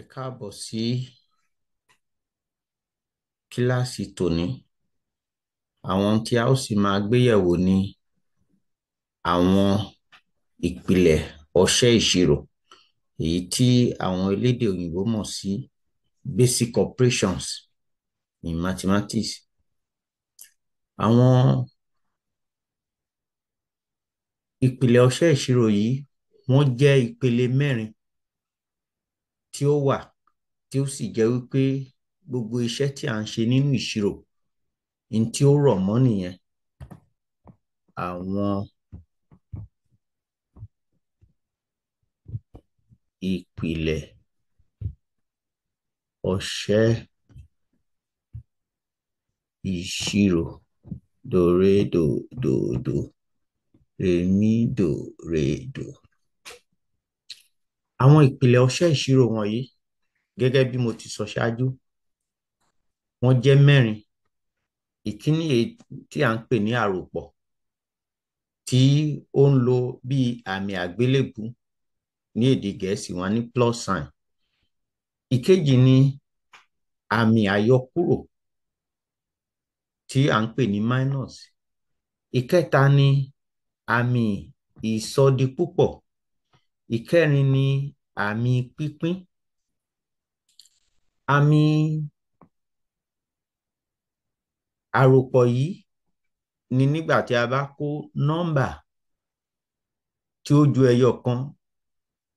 Ẹ káàbọ̀ sí kíláàsì tòní. Àwọn ohun tí a ó sì máa gbéyẹ̀wò ni àwọn ìpìlẹ̀ ọṣẹ́ ìṣirò èyí tí àwọn elédè òyìnbó mọ̀ sí basic operations in mathematics. Àwọn ìpìlẹ̀ ọṣẹ́ ìṣirò yìí wọ́n jẹ́ ìpele mẹ́rin tí ó wà tí ó sì jẹ́ wípé gbogbo iṣẹ́ tí à ń ṣe nínú ìṣirò ní tí ó rọ̀ mọ́ nìyẹn àwọn ìpìlẹ̀ ọṣẹ́ ìṣirò do rèmídòrèdò. Àwọn ìpìlẹ̀ ọṣẹ́ ìṣirò wọ̀nyí gẹ́gẹ́ bí mo ti sọ ṣáájú wọ́n jẹ́ mẹ́rin. Ìkíní èyí tí à ń pè ní àròpọ̀ tí ó ń lo bí àmì àgbélébùú ní èdè Gẹ̀ẹ́sì wọ́n ní plus sign. Ìkejì ni àmì àyọkúrò tí à ń pè ní minus. Ìkẹ́ta ni àmì ìsọdipúpọ̀. Ìkẹ́rin ni àmì pínpín àmì àròpọ̀ yìí ni nígbà tí a bá kó nọ́mbà tí ó ju ẹyọ kan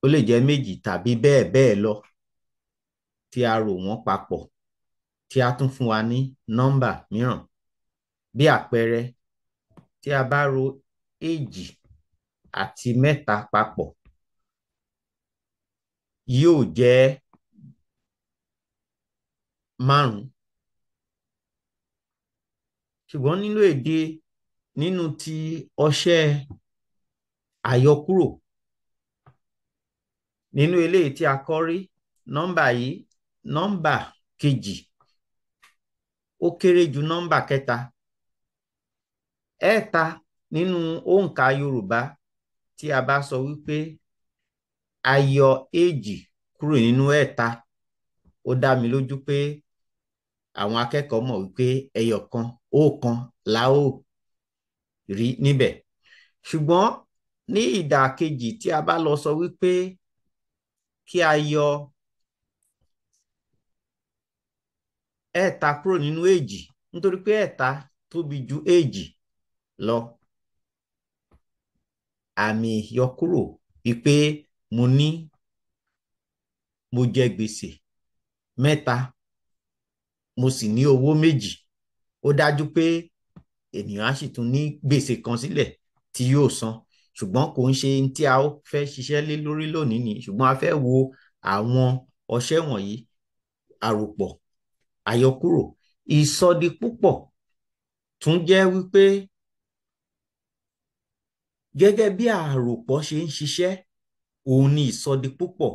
ó lè jẹ́ méjì tàbí bẹ́ẹ̀ bẹ́ẹ̀ lọ tí a rò wọ́n papọ̀ tí a tún fún wa ní nọ́mbà mìíràn bí àpẹẹrẹ tí a bá ro èjì àti mẹ́ta papọ̀ yóò jẹ márùn-ún ṣùgbọ́n nínú èdè nínú ti ọṣẹ àyọkúrò nínú eléyìí tí a kọ́ rí nọ́mbà yìí nọ́mbà kejì ó kéré ju nọ́mbà kẹta ẹ̀ẹ̀ta nínú òǹkà Yorùbá tí a bá sọ wípé a yọ èjì kúrò nínú ẹ̀ta ó dá mi lójú pé àwọn akẹ́kọ̀ọ́ mọ̀ wípé ẹyọ kan ọ̀kan la ó rí níbẹ̀ ṣùgbọ́n ní ìdà kejì tí a bá lọ sọ wípé kí a yọ ẹ̀ta kúrò nínú èjì nítorí pé ẹ̀ta tóbi ju èjì lọ àmì ìyọkúrò wípé mo ní mo jẹ gbèsè mẹ́ta mo sì ní owó méjì ó dájú pé ènìyàn á sì tún ní gbèsè kan sílẹ̀ tí yóò san ṣùgbọ́n kò ń ṣe tí a fẹ́ ṣiṣẹ́ lé lórí lónìí ni ṣùgbọ́n a fẹ́ wo àwọn ọṣẹ wọ̀nyí àròpọ̀ àyọkúrò ìsọdipúpọ̀ tún jẹ́ wípé gẹ́gẹ́ bí àròpọ̀ ṣe ń ṣiṣẹ́ òun ni ìsọdipúpọ̀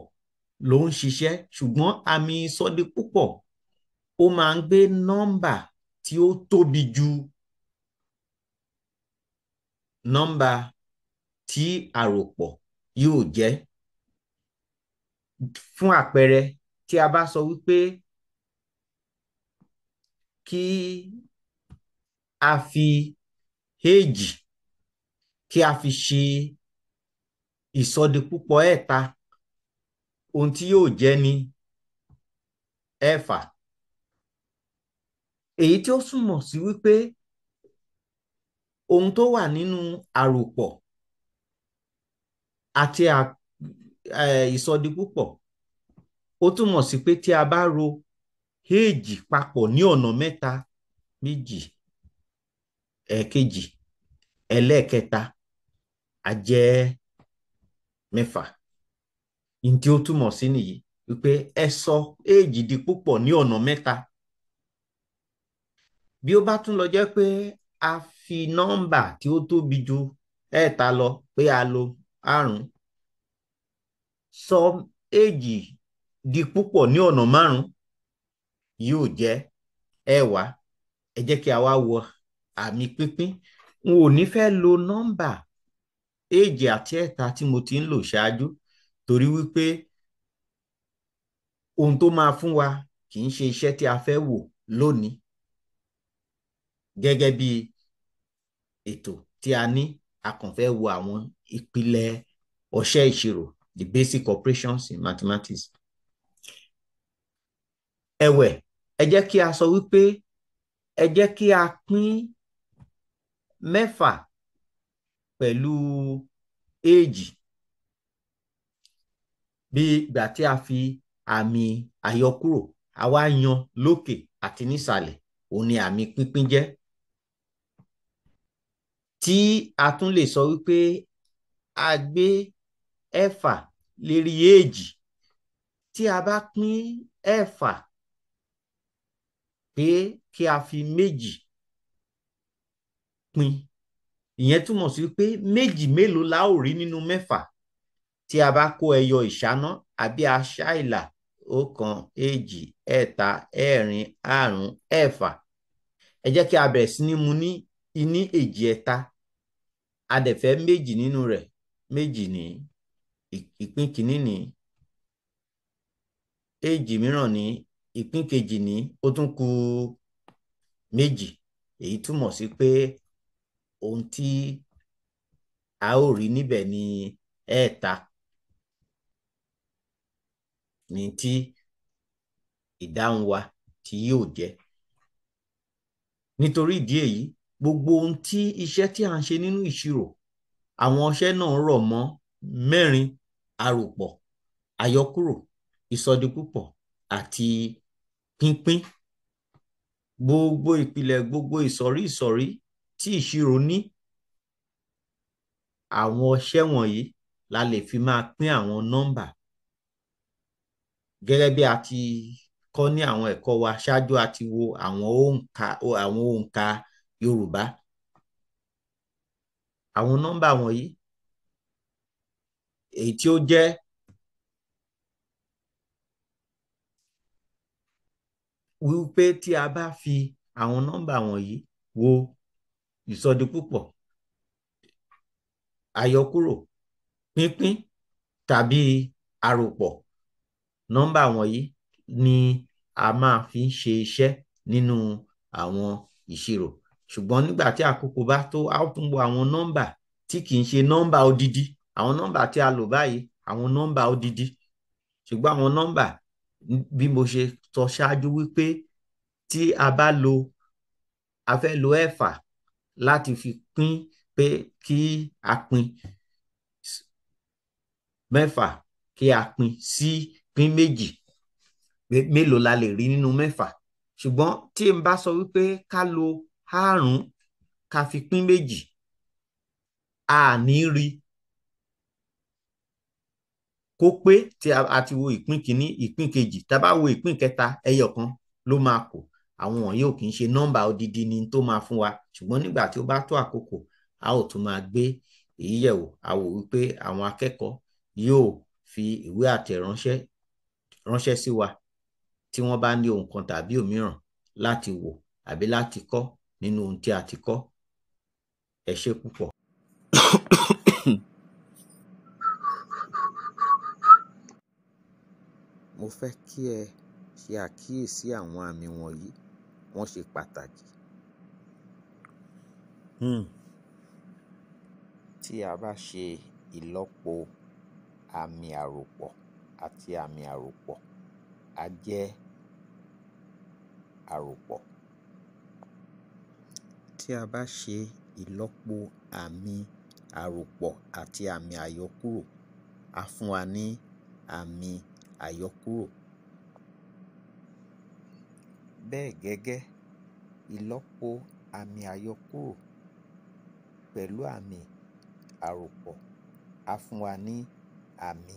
ló ń ṣiṣẹ́ ṣùgbọ́n àmì ìsọdipúpọ̀ ó máa ń gbé nọ́mbà tí ó tóbi ju nọ́mbà tí àròpọ̀ yóò jẹ́ fún àpẹẹrẹ tí a bá sọ wípé kí a fi èjì kí a fi ṣe ìsọdipúpọ̀ ẹ̀ta ohun tí yóò jẹ́ ni ẹ̀fà èyí tí ó súnmọ̀ sí wípé ohun tó wà nínú àròpọ̀ àti ìsọdipúpọ̀ ó túmọ̀ sí pé tí a bá ro èjì papọ̀ ní ọ̀nà mẹ́ta méjì ẹ̀ẹ̀kejì ẹlẹ́ẹ̀kẹta a jẹ́ mẹ́fà ní tí ó túmọ̀ sí nìyí wípé ẹ sọ di púpọ̀ ní ọ̀nà mẹ́ta bí ó bá tún lọ jẹ́ pé a fi nọ́mbà tí ó tóbi ju ẹ̀ẹ̀ta lọ pé a lo àrùn sọ éèjì di púpọ̀ ní ọ̀nà márùn-ún yóò jẹ́ ẹ̀wá ẹ jẹ́ kí a wá wo àmì pínpín n ò ní fẹ́ lo nọ́mbà èjì àti ẹ̀ta tí mo ti ń lò ṣáájú torí wípé ohun tó máa fún wa kì í ṣe iṣẹ́ tí a fẹ́ wò lónìí gẹ́gẹ́ bí ètò tí a ní a kàn fẹ́ wo àwọn ìpìlẹ̀ ọṣẹ́ ìṣirò the basic operations in mathematics. ẹ̀wẹ̀ ẹ jẹ́ kí a sọ wípé ẹ jẹ́ kí a pín mẹ́fà pẹ̀lú éèjì bí ìgbà tí a fi àmì àyọkúrò àwa yan lókè àti nísàlẹ̀ òun ni àmì pínpín jẹ́ tí a tún lè sọ wípé a gbé ẹ̀fà lérí éèjì tí a bá pín ẹ̀fà pé kí a fi méjì pín ìyẹn túmọ̀ sí pé méjì mélòó la ó rí nínú mẹ́fà tí a bá kó ẹyọ ìṣáná àbí aṣá ìlà ọ̀kan èjì ẹ̀ta ẹ̀rin àrún ẹ̀fà ẹ jẹ́ kí a bẹ̀rẹ̀ sí ní mu ní iní èjì ẹ̀ta adẹ̀fẹ́ méjì nínú rẹ̀ méjì ní ìpín kìíní ní èjì mìíràn ní ìpín kejì ní ó tún kù méjì èyí túmọ̀ sí pé ohun tí a ó rí níbẹ̀ ní ẹ̀ẹ̀ta ní tí ìdáhùn wa tí yóò jẹ́ nítorí ìdí èyí gbogbo ohun tí iṣẹ́ tí a ń ṣe nínú ìṣirò àwọn iṣẹ́ náà rọ̀ mọ́ mẹ́rin àròpọ̀ àyọkúrò ìsọdipúpọ̀ àti pínpín gbogbo ìpìlẹ̀ gbogbo ìsọ̀rí ìsọ̀rí tí ìṣirò ní àwọn ọṣẹ́ wọ̀nyí la lè fi máa pín àwọn nọ́mbà gẹ́gẹ́ bí a ti kọ́ ní àwọn ẹ̀kọ́ wa ṣáájú a ti wo àwọn òǹkà àwọn òǹkà Yorùbá àwọn nọ́mbà wọ̀nyí èyí tí ó jẹ́ wípé tí a bá fi àwọn nọ́mbà wọ̀nyí wo ìsọdipúpọ̀ àyọkúrò pínpín tàbí àròpọ̀ nọ́mbà wọ̀nyí ni a máa fi ń ṣe iṣẹ́ nínú àwọn ìṣirò ṣùgbọ́n nígbà tí àkókò bá tó a ó tún wo àwọn nọ́mbà tí kì í ṣe nọ́mbà odidi àwọn nọ́mbà tí a lò báyìí àwọn nọ́mbà odidi ṣùgbọ́n àwọn nọ́mbà bí mo ṣe sọ ṣáájú wípé tí a bá lo a fẹ́ lo ẹ̀fà láti fi pín pé kí a pín mẹ́fà kí a pín sí pín méjì mélòó la lè rí nínú mẹ́fà ṣùgbọ́n tí n bá sọ wípé ká lo àrún ká fi pín méjì a ní rí kó pé tí a ti wo ìpín kìíní ìpín kejì tá a bá wo ìpín kẹta ẹyọ kan ló máa kù àwọn wọ̀nyí ò kì í ṣe nọ́mbà odidi ni tó máa fún wa ṣùgbọ́n nígbà tí ó bá tó àkókò a ó tún máa gbé èyí yẹ̀wò a wò wípé àwọn akẹ́kọ̀ọ́ yóò fi ìwé àtẹ̀ránṣẹ́ ránṣẹ́ sí wa tí wọ́n bá ní ohun kan tàbí òmíràn láti wò àbí láti kọ́ nínú ohun tí a ti kọ́ ẹ ṣé púpọ̀. mo fẹ́ kí ẹ ṣe àkíyèsí àwọn àmì wọ̀nyí wọ́n ṣe pàtàkì. Hmm. Tí a bá ṣe ìlọ́po àmì àròpọ̀ àti àmì àròpọ̀, á jẹ́ àròpọ̀. Tí a bá ṣe ìlọ́po àmì àròpọ̀ àti àmì àyọkúrò, á fún wa ní àmì àyọkúrò. Bẹ́ẹ̀ gẹ́gẹ́, ìlọ́po àmì àyọkúrò pẹ̀lú àmì àròpọ̀ á fún wa ní àmì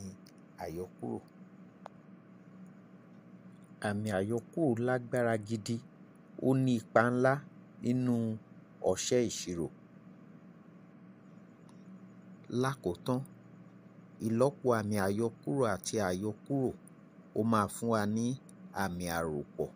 àyọkúrò. Àmì àyọkúrò lágbára gidi, ó ní ipa ńlá nínú ọṣẹ́ ìṣirò. Lákòótán, ìlọ́po àmì àyọkúrò àti àyọkúrò ó máa fún wa ní àmì àròpọ̀.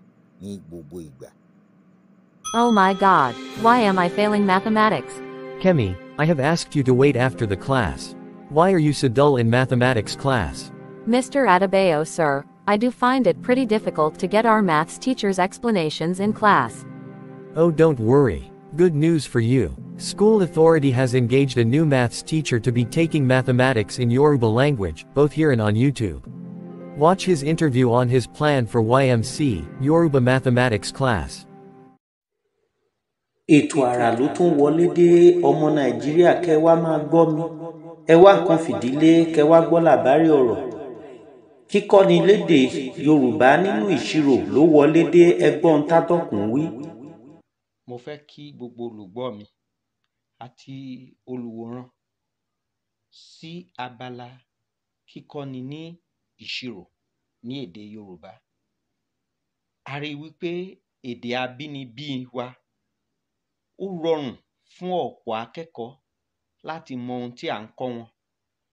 Oh my God, why am I failing mathematics? Kemi, I have asked you to wait after the class. Why are you so dull in mathematics class? Mr. Adebayo, sir, I do find it pretty difficult to get our maths teacher's explanations in class. Oh, don't worry. Good news for you. School authority has engaged a new maths teacher to be taking mathematics in Yoruba language, both here and on YouTube. Watch his interview on his plan for YMC, Yoruba Mathematics class. ètò àrà ló tún wọlé dé ọmọ nàìjíríà kẹwàá máa gbọ́ mi ẹ wá nǹkan fìdílé kẹwàá gbọ́ làbárí ọ̀rọ̀ kíkọ́ni lédè yorùbá nínú ìṣirò ló wọlé dé ẹgbọ́n tátọ́kùn wí. mo fẹ́ kí gbogbo olùgbọ́ mi àti olùwòran sí abala kíkọ́ni ní ìṣirò ní èdè Yorùbá a rí i wípé èdè abínibí wa ó rọrùn fún ọ̀pọ̀ akẹ́kọ̀ọ́ láti mọ ohun tí à ń kọ́ wọn